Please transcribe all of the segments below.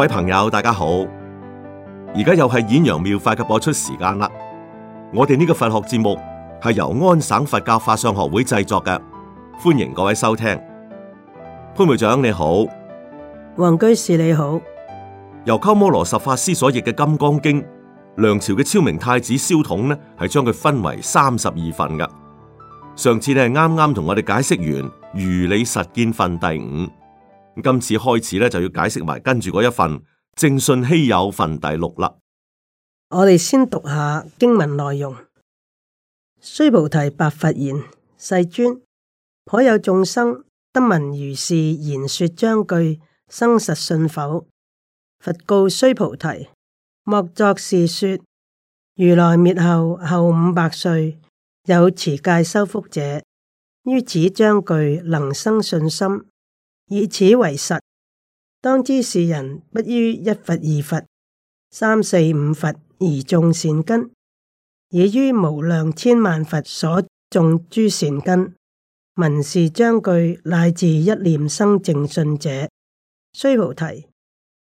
各位朋友，大家好！而家又係演揚妙法嘅播出時間啦。我哋呢個佛學節目係由安省佛教法相學會製作嘅，歡迎各位收聽。潘會長你好，黃居士你好。由鳩摩羅什法師所譯嘅《金剛經》，梁朝嘅昭明太子蕭統呢係將佢分為三十二份嘅。上次你係啱啱同我哋解釋完如理實見分第五。今次開始咧，就要解釋埋跟住嗰一份正信稀有分第六啦。我哋先讀下經文內容：須菩提白佛言：世尊，頗有眾生得聞如是言說章句，生實信否？佛告須菩提：莫作是說。如來滅後後五百歲，有持戒修福者，於此章句能生信心。以此為實，當知是人不於一佛二佛三四五佛而種善根，已於無量千萬佛所種諸善根，聞是將句乃至一念生淨信者，須菩提，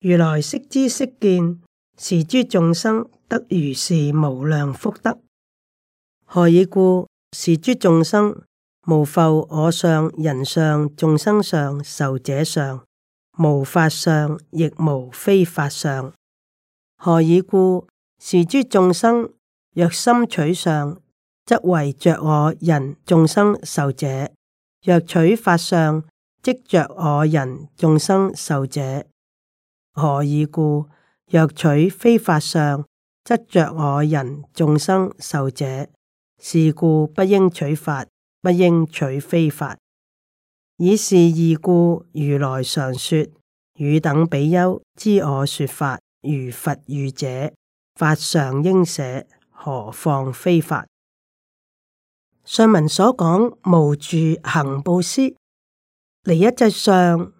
如來悉知悉見，是諸眾生得如是無量福德。何以故？是諸眾生。無復我相、人相、眾生相、受者相，無法相，亦無非法相。何以故？是諸眾生若心取相，則為着我人眾生受者；若取法相，即着我人眾生受者。何以故？若取非法相，則着我人眾生受者。是故不應取法。不應取非法，以是義故，如來常說：汝等比丘知我說法如筏喻者，法尚應捨，何況非法？上文所講無住行布施，離一質相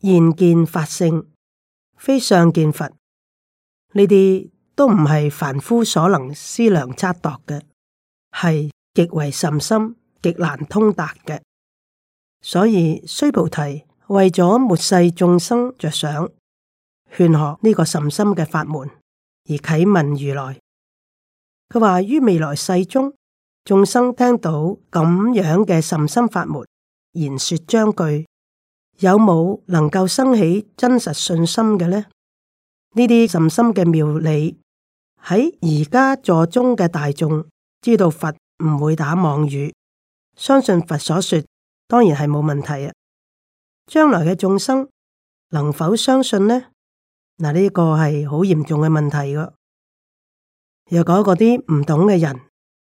現見法性，非相見佛，呢啲都唔係凡夫所能思量測度嘅，係極為甚深。極難通達嘅，所以須菩提為咗末世眾生着想，勸學呢個甚深嘅法門，而啟問如來。佢話於未來世中，眾生聽到咁樣嘅甚深法門言說章句，有冇能夠生起真實信心嘅呢？呢啲甚深嘅妙理喺而家座中嘅大眾知道，佛唔會打妄語。相信佛所說，當然係冇問題啊！將來嘅眾生能否相信呢？嗱，呢個係好嚴重嘅問題個。若果嗰啲唔懂嘅人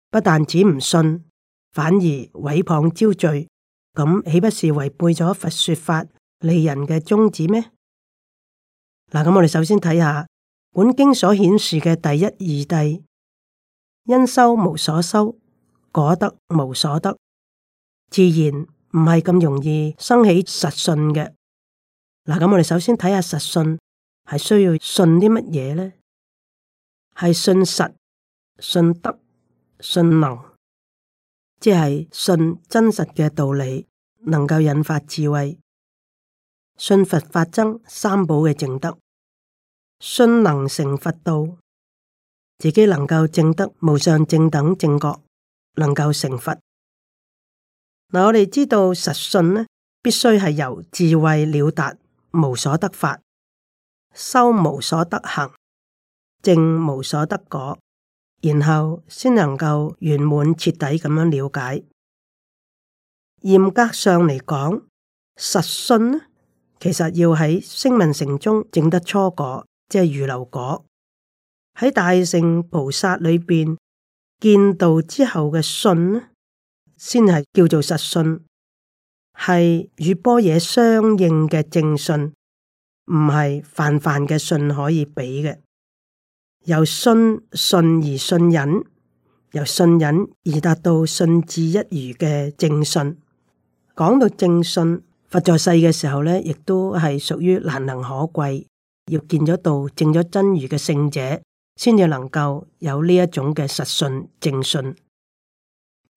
不但止唔信，反而毀謗招罪，咁豈不是違背咗佛說法利人嘅宗旨咩？嗱，咁我哋首先睇下本經所顯示嘅第一義諦：因修無所修，果得無所得。自然唔係咁容易生起實信嘅。嗱，咁我哋首先睇下實信係需要信啲乜嘢咧？係信實、信德、信能，即係信真實嘅道理，能夠引發智慧。信佛法僧三寶嘅正德，信能成佛道，自己能夠證得、無上正等正覺，能夠成佛。我哋知道實信呢，必須係由智慧了達無所得法，修無所得行，證無所得果，然後先能夠圓滿徹底咁樣了解。嚴格上嚟講，實信呢，其實要喺聲聞乘中證得初果，即係預流果。喺大乘菩薩裏邊，見道之後嘅信呢，先係叫做實信，係與般若相應嘅正信，唔係泛泛嘅信可以比嘅。由信信而信忍，由信忍而達到信至一如嘅正信。講到正信，佛在世嘅時候咧，亦都係屬於難能可貴，要見咗道，證咗真如嘅聖者，先至能夠有呢一種嘅實信正信。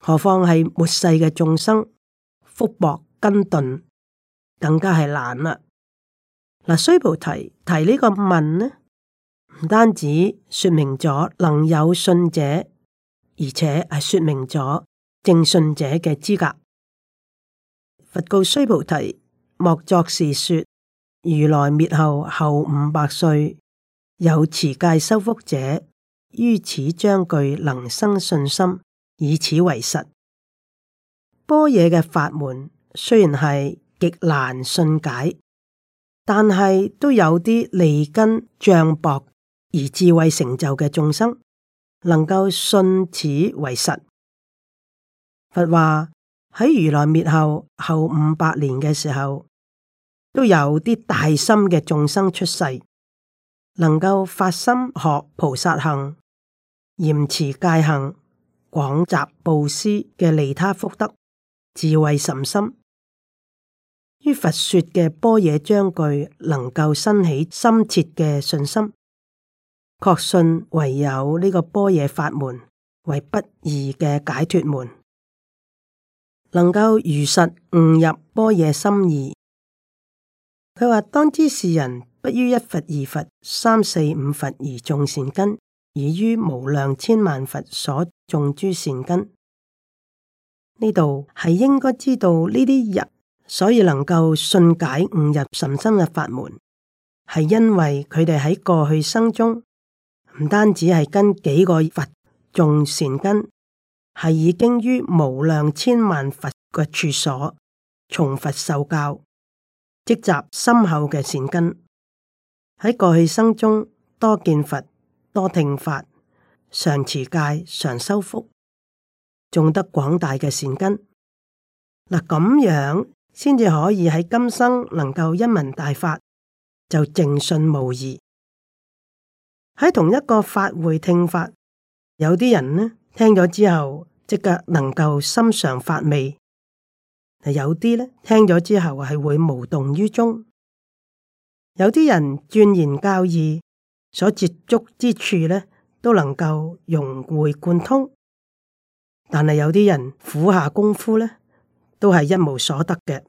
何況係末世嘅眾生，福薄根鈍，更加係難啦。嗱，須菩提提呢個問呢，唔單止說明咗能有信者，而且係說明咗正信者嘅資格。佛告須菩提：莫作是說，如來滅後後五百歲，有持戒修福者，於此章句能生信心。以此為實，般若嘅法門雖然係極難信解，但係都有啲利根、障薄而智慧成就嘅眾生，能夠信此為實。佛話喺如來滅後後五百年嘅時候，都有啲大心嘅眾生出世，能夠發心學菩薩行、嚴持戒行。廣集布施嘅利他福德，智慧甚深，於佛說嘅般若章句，能夠生起深切嘅信心，確信唯有呢個般若法門為不二嘅解脫門，能夠如實悟入般若心意。佢話，當知是人不於一佛二佛三四五佛而種善根。已於無量千萬佛所種諸善根，呢度係應該知道呢啲人，所以能夠信解悟入神生嘅法門，係因為佢哋喺過去生中，唔單止係跟幾個佛種善根，係已經於無量千萬佛嘅處所從佛受教，積集深厚嘅善根，喺過去生中多見佛。多聽法，常持戒，常修福，種得廣大嘅善根。嗱，咁樣先至可以喺今生能夠一聞大法就正信無疑。喺同一個法會聽法，有啲人呢聽咗之後即刻能夠心常發味，有啲呢聽咗之後係會無動於衷，有啲人鑽研教義，所接觸之處呢，都能夠融會貫通。但係有啲人苦下功夫呢，都係一無所得嘅。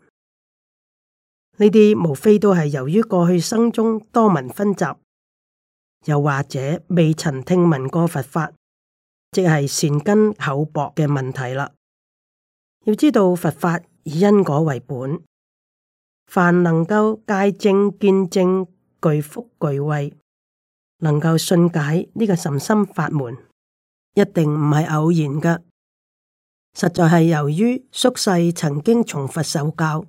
呢啲無非都係由於過去生中多聞分集，又或者未曾聽聞過佛法，即係善根厚薄嘅問題啦。要知道佛法以因果為本，凡能夠戒正見正、具福具慧。能夠信解呢個甚深法門，一定唔係偶然噶，實在係由於宿世曾經從佛受教，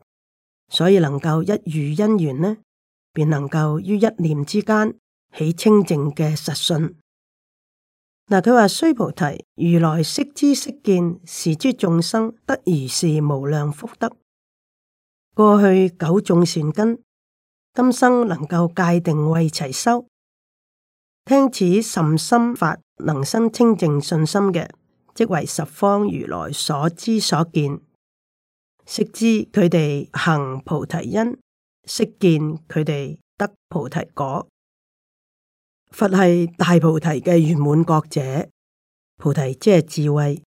所以能夠一遇因緣呢，便能夠於一念之間起清淨嘅實信。嗱，佢話須菩提，如來悉知悉見，是諸眾生得如是無量福德，過去九種善根，今生能夠界定為齊修。聽此甚深法，能生清淨信心嘅，即為十方如來所知所見，悉知佢哋行菩提因，悉見佢哋得菩提果。佛係大菩提嘅圓滿覺者，菩提即係智慧，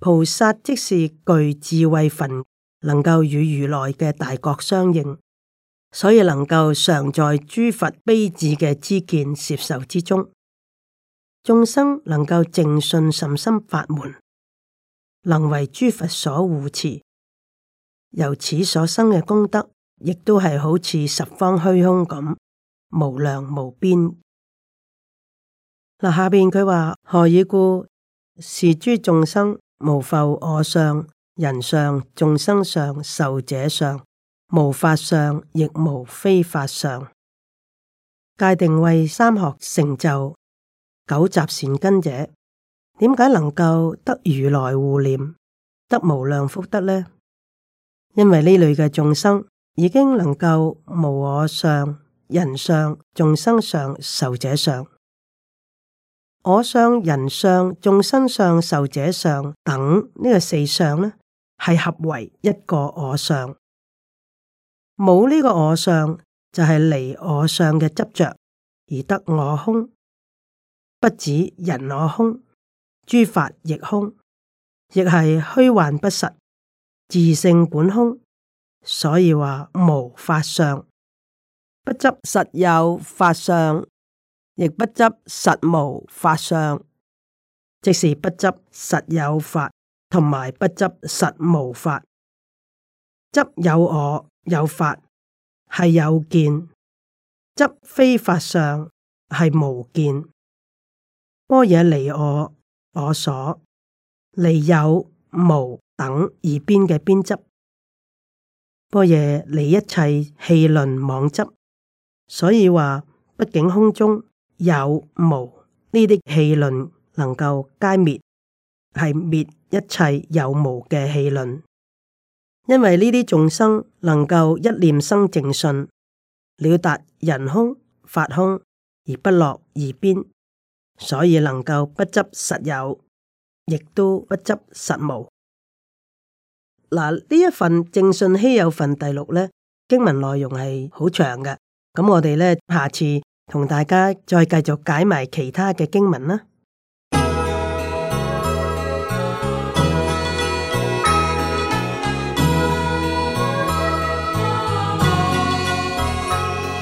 菩薩即是具智慧份，能夠與如來嘅大覺相應。所以能夠常在諸佛悲智嘅知見攝受之中，眾生能夠淨信甚深法門，能為諸佛所護持，由此所生嘅功德，亦都係好似十方虛空咁無量無邊。嗱，下邊佢話何以故？是諸眾生無復我相、人相、眾生相、壽者相。無法相亦無非法相，界定為三學成就、九集善根者，點解能夠得如來護念，得無量福德呢？因為呢類嘅眾生已經能夠無我相、人相、眾生相、壽者相，我相、人相、眾生相、壽者相等呢、呢個四相呢，係合為一個我相。冇呢個我相，就係、是、離我相嘅執着而得我空，不止人我空，諸法亦空，亦係虛幻不實，自性本空。所以話無法相，不執實有法相，亦不執實無法相，即是不執實有法同埋不執實無法，執有我。有法係有見，執非法上係無見。般若離我我所，離有無等而邊嘅邊執。般若離一切戲論妄執，所以話，畢竟空中有無呢啲戲論能夠皆滅，係滅一切有無嘅戲論。因為呢啲眾生能夠一念生淨信，了達人空法空，而不落二邊，所以能夠不執實有，亦都不執實無。嗱，呢一份正信稀有份第六呢，經文內容係好長嘅，咁我哋呢，下次同大家再繼續解埋其他嘅經文啦。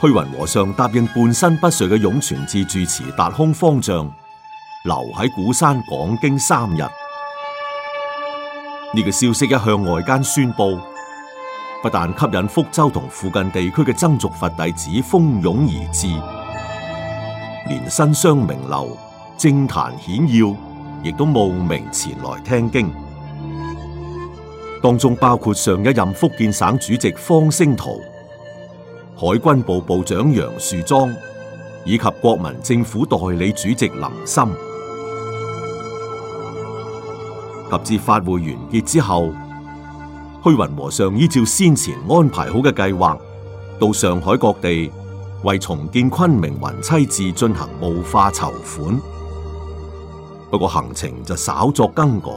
虛雲和尚答應半身不遂嘅湧泉寺住持達空方丈留喺鼓山講經三日。呢、這個消息一向外間宣布，不但吸引福州同附近地區嘅僧俗佛弟子蜂擁而至，連紳商名流、政壇顯要，亦都慕名前來聽經。當中包括上一任福建省主席方聲濤。海軍部部長楊樹莊以及國民政府代理主席林森。及至法會完結之後，虛雲和尚依照先前安排好嘅計劃，到上海各地為重建昆明雲棲寺進行募化籌款。不過行程就稍作更改，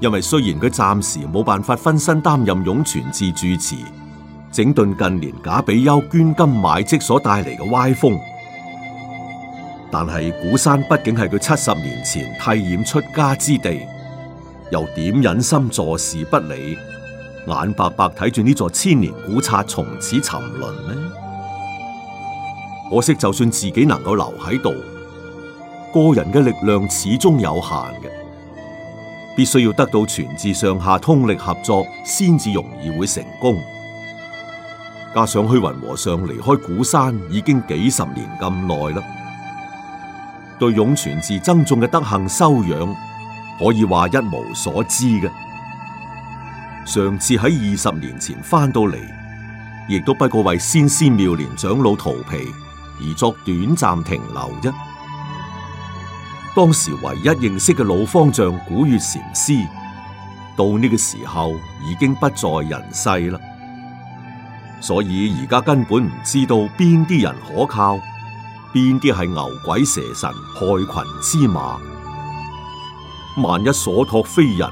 因為雖然佢暫時冇辦法分身擔任湧泉寺住持。整頓近年假比丘捐金買積所帶嚟嘅歪風，但係鼓山畢竟係佢七十年前剃染出家之地，又點忍心坐視不理，眼白白睇住呢座千年古剎從此沉淪呢？可惜就算自己能夠留喺度，個人嘅力量始終有限嘅，必須要得到全寺上下通力合作，先至容易會成功。加上虛雲和尚離開古山已經幾十年咁耐啦，對湧泉寺僧眾嘅德行修養，可以話一無所知嘅。上次喺二十年前翻到嚟，亦都不過為先師妙蓮長老荼毗而作短暫停留啫。當時唯一認識嘅老方丈古月禪師，到呢個時候已經不在人世啦。所以而家根本唔知道邊啲人可靠，邊啲係牛鬼蛇神害群之馬。萬一所托非人，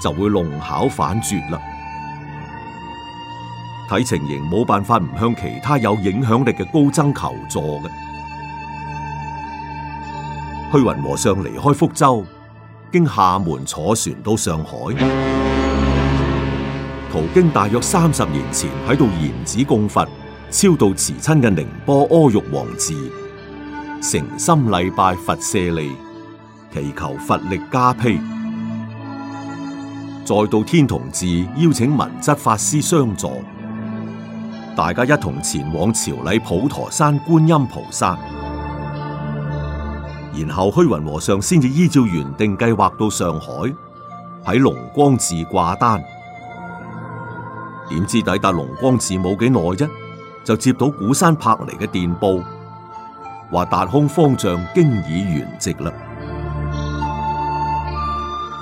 就會弄巧反拙啦。睇情形冇辦法唔向其他有影響力嘅高僧求助嘅。虛雲和尚離開福州，經廈門坐船到上海。途經大約三十年前喺度燃指供佛，超度慈親嘅寧波阿育王寺，誠心禮拜佛舍利，祈求佛力加被。再到天童寺邀請文質法師相助，大家一同前往朝禮普陀山觀音菩薩。然後虛雲和尚先至依照原定計劃到上海，喺龍光寺掛單。點知抵達龍光寺冇幾耐啫，就接到鼓山拍嚟嘅電報，話達空方丈經已圓寂啦。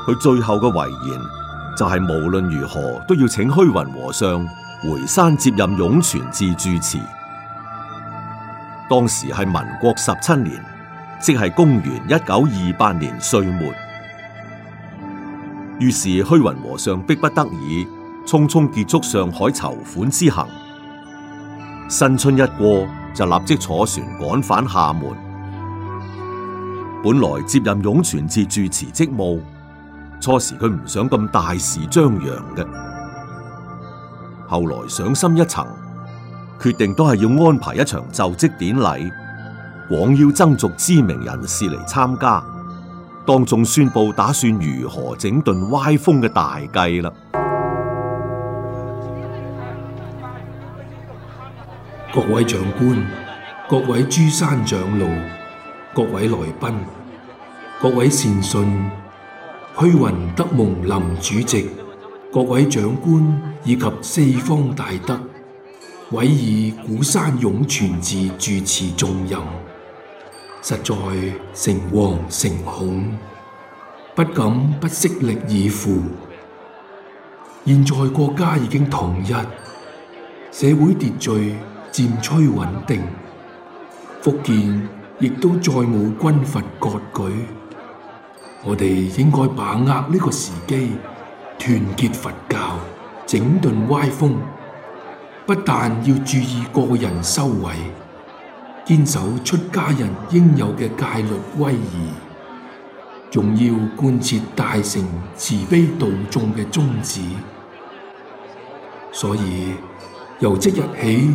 佢最後嘅遺言就係、是、無論如何都要請虛雲和尚回山接任湧泉寺住持。當時係民國十七年，即係公元一九二八年歲末。於是虛雲和尚迫不得已。匆匆結束上海籌款之行，新春一過就立即坐船趕返廈門。本來接任湧泉寺住持職務，初時佢唔想咁大肆張揚嘅，後來想深一層，決定都係要安排一場就職典禮，廣邀僧俗知名人士嚟參加，當眾宣布打算如何整頓歪風嘅大計啦。各位長官、各位諸山長老、各位來賓、各位善信、虛雲德蒙林主席、各位長官以及四方大德，委以鼓山湧泉寺主持重任，實在誠惶誠恐，不敢不竭力以赴。現在國家已經統一，社會秩序，漸趨穩定，福建亦都再冇軍閥割據。我哋應該把握呢個時機，團結佛教，整頓歪風。不但要注意個人修為，堅守出家人應有嘅戒律威儀，仲要貫徹大乘慈悲度眾嘅宗旨。所以，由即日起。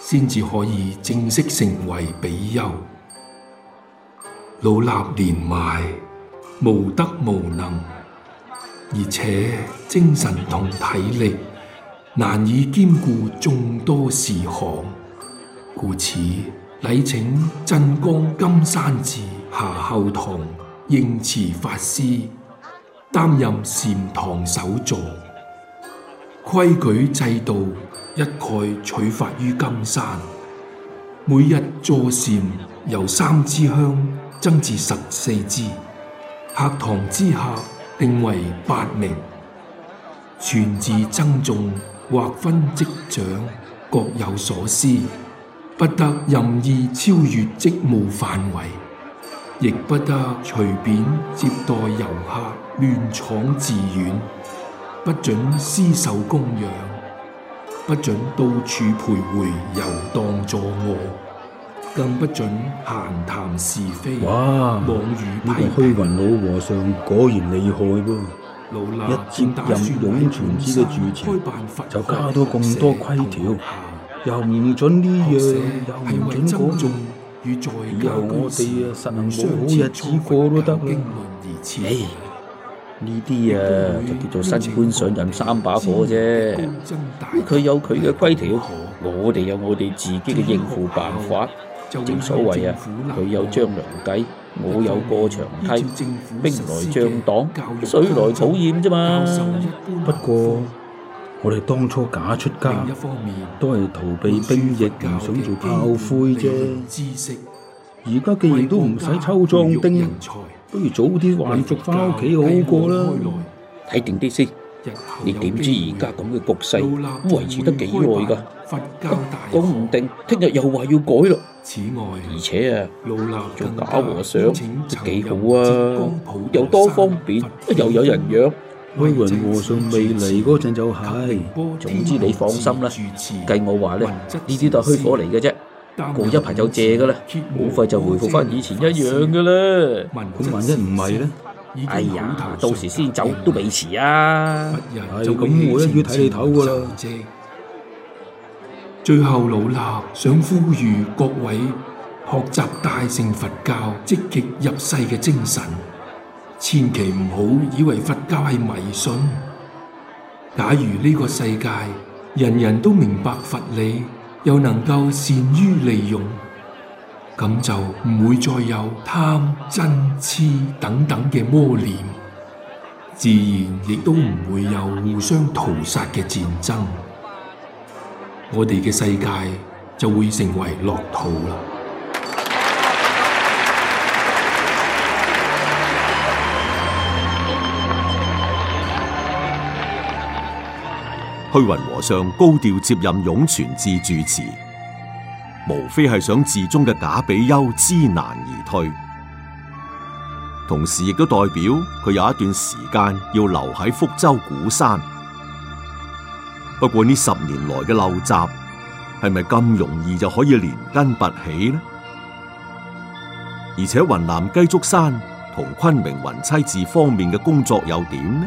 先至可以正式成為比丘。老衲年邁，無德無能，而且精神同體力難以兼顧眾多事項，故此禮請鎮江金山寺夏後堂應慈法師擔任禪堂首座，規矩制度。一概取法於金山，每日坐禪由三支香增至十四支；客堂之客定為八名，全寺僧眾劃分職掌，各有所思，不得任意超越職務範圍，亦不得隨便接待遊客亂闖寺院，不准私受供養。不准到處徘徊遊蕩作惡，更不准閒談是非。哇！呢個虛雲老和尚果然厲害噃，一接任湧泉寺嘅住持，就加多咁多規條，又唔准呢樣，諧又唔准講、那、中、個，以後我哋啊實能好日子過都得啦。嗯。呢啲啊，就叫做新官上任三把火啫。佢有佢嘅規條，我哋有我哋自己嘅應付辦法。正所謂啊，佢有張良計，我有過牆梯，兵來將擋，水來土掩啫嘛。不過我哋當初假出家，都係逃避兵役，唔想做炮灰啫。而家既然都唔使抽壯丁。不如早啲還俗翻屋企好過啦，睇定啲先。你點知而家咁嘅局勢都維持得幾耐㗎？咁講唔定，聽日又話要改咯。而且啊，做假和尚都幾好啊，又多方便，又有人養。虛雲和尚未嚟嗰陣就係，總之你放心啦。計我話咧，呢啲都係虛火嚟嘅啫。過一排就謝噶啦，好快就回復翻以前一樣噶啦。咁萬一唔係咧？哎呀，到時先走都未遲啊！咁我一於睇你走噶啦。最後，老衲想呼籲各位學習大乘佛教積極入世嘅精神，千祈唔好以為佛教係迷信。假如呢個世界人人都明白佛理，又能夠善於利用，咁就唔會再有貪嗔痴等等嘅魔念，自然亦都唔會有互相屠殺嘅戰爭，我哋嘅世界就會成為樂土啦。虛雲和尚高調接任湧泉寺主持，無非係想寺中嘅假比丘知難而退，同時亦都代表佢有一段時間要留喺福州鼓山。不過呢十年來嘅陋習，係咪咁容易就可以連根拔起呢？而且雲南雞足山同昆明雲棲寺方面嘅工作又點呢？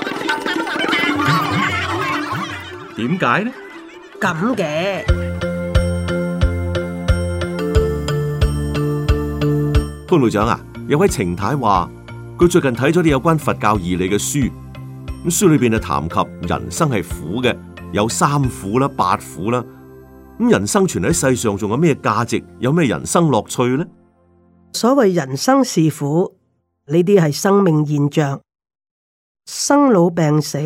點解呢？咁嘅潘會長啊，有位程太話佢最近睇咗啲有關佛教義理嘅書，咁書裏邊就談及人生係苦嘅，有三苦啦、八苦啦，咁人生存喺世上仲有咩價值？有咩人生樂趣呢？所謂人生是苦，呢啲係生命現象，生老病死。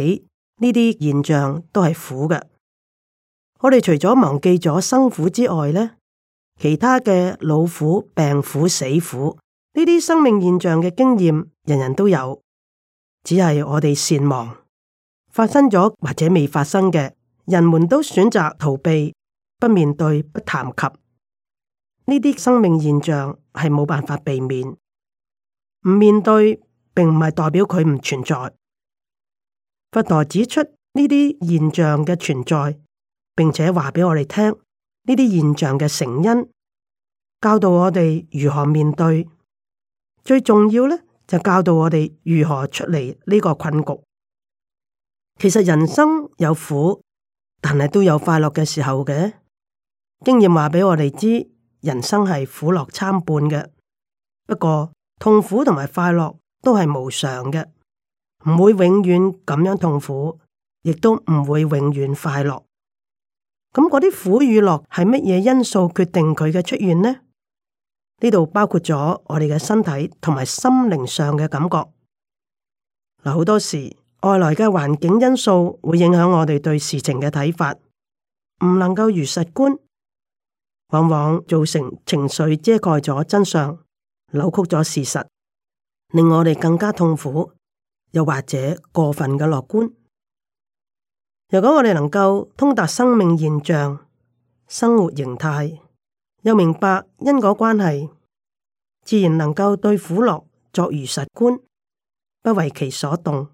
呢啲現象都係苦嘅，我哋除咗忘記咗生苦之外，咧其他嘅老苦、病苦、死苦，呢啲生命現象嘅經驗，人人都有，只係我哋善忘。發生咗或者未發生嘅，人們都選擇逃避，不面對，不談及。呢啲生命現象係冇辦法避免，唔面對，並唔係代表佢唔存在。佛陀指出呢啲現象嘅存在，並且話畀我哋聽呢啲現象嘅成因，教導我哋如何面對。最重要咧，就教導我哋如何出嚟呢個困局。其實人生有苦，但係都有快樂嘅時候嘅。經驗話俾我哋知，人生係苦樂參半嘅。不過痛苦同埋快樂都係無常嘅。唔會永遠咁樣痛苦，亦都唔會永遠快樂。咁嗰啲苦與樂係乜嘢因素決定佢嘅出現呢？呢度包括咗我哋嘅身體同埋心靈上嘅感覺。嗱，好多時外來嘅環境因素會影響我哋對事情嘅睇法，唔能夠如實觀，往往造成情緒遮蓋咗真相，扭曲咗事實，令我哋更加痛苦。又或者過分嘅樂觀。如果我哋能夠通達生命現象、生活形態，又明白因果關係，自然能夠對苦樂作如實觀，不為其所動，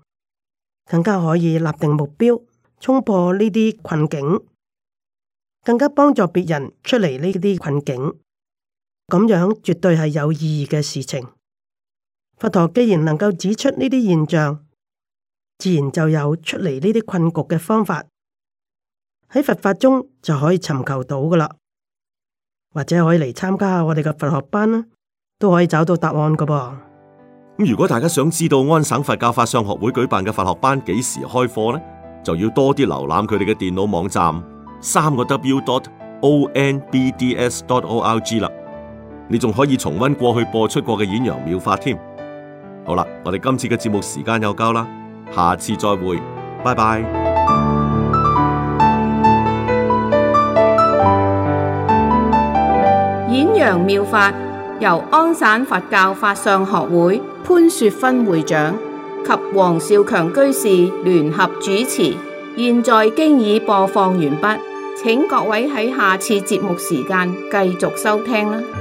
更加可以立定目標，衝破呢啲困境，更加幫助別人出嚟呢啲困境，咁樣絕對係有意義嘅事情。佛陀既然能夠指出呢啲現象，自然就有出嚟呢啲困局嘅方法，喺佛法中就可以尋求到噶啦，或者可以嚟參加下我哋嘅佛學班啦，都可以找到答案噶噃。咁如果大家想知道安省佛教法商學會舉辦嘅佛學班幾時開課咧，就要多啲瀏覽佢哋嘅電腦網站，三個 w dot o n b d s dot o r g 啦。你仲可以重溫過去播出過嘅演揚妙法添。好啦，我哋今次嘅節目時間又夠啦，下次再會，拜拜。演揚妙法由安省佛教法相學會潘雪芬會長及黃少強居士聯合主持，現在經已播放完畢，請各位喺下次節目時間繼續收聽啦。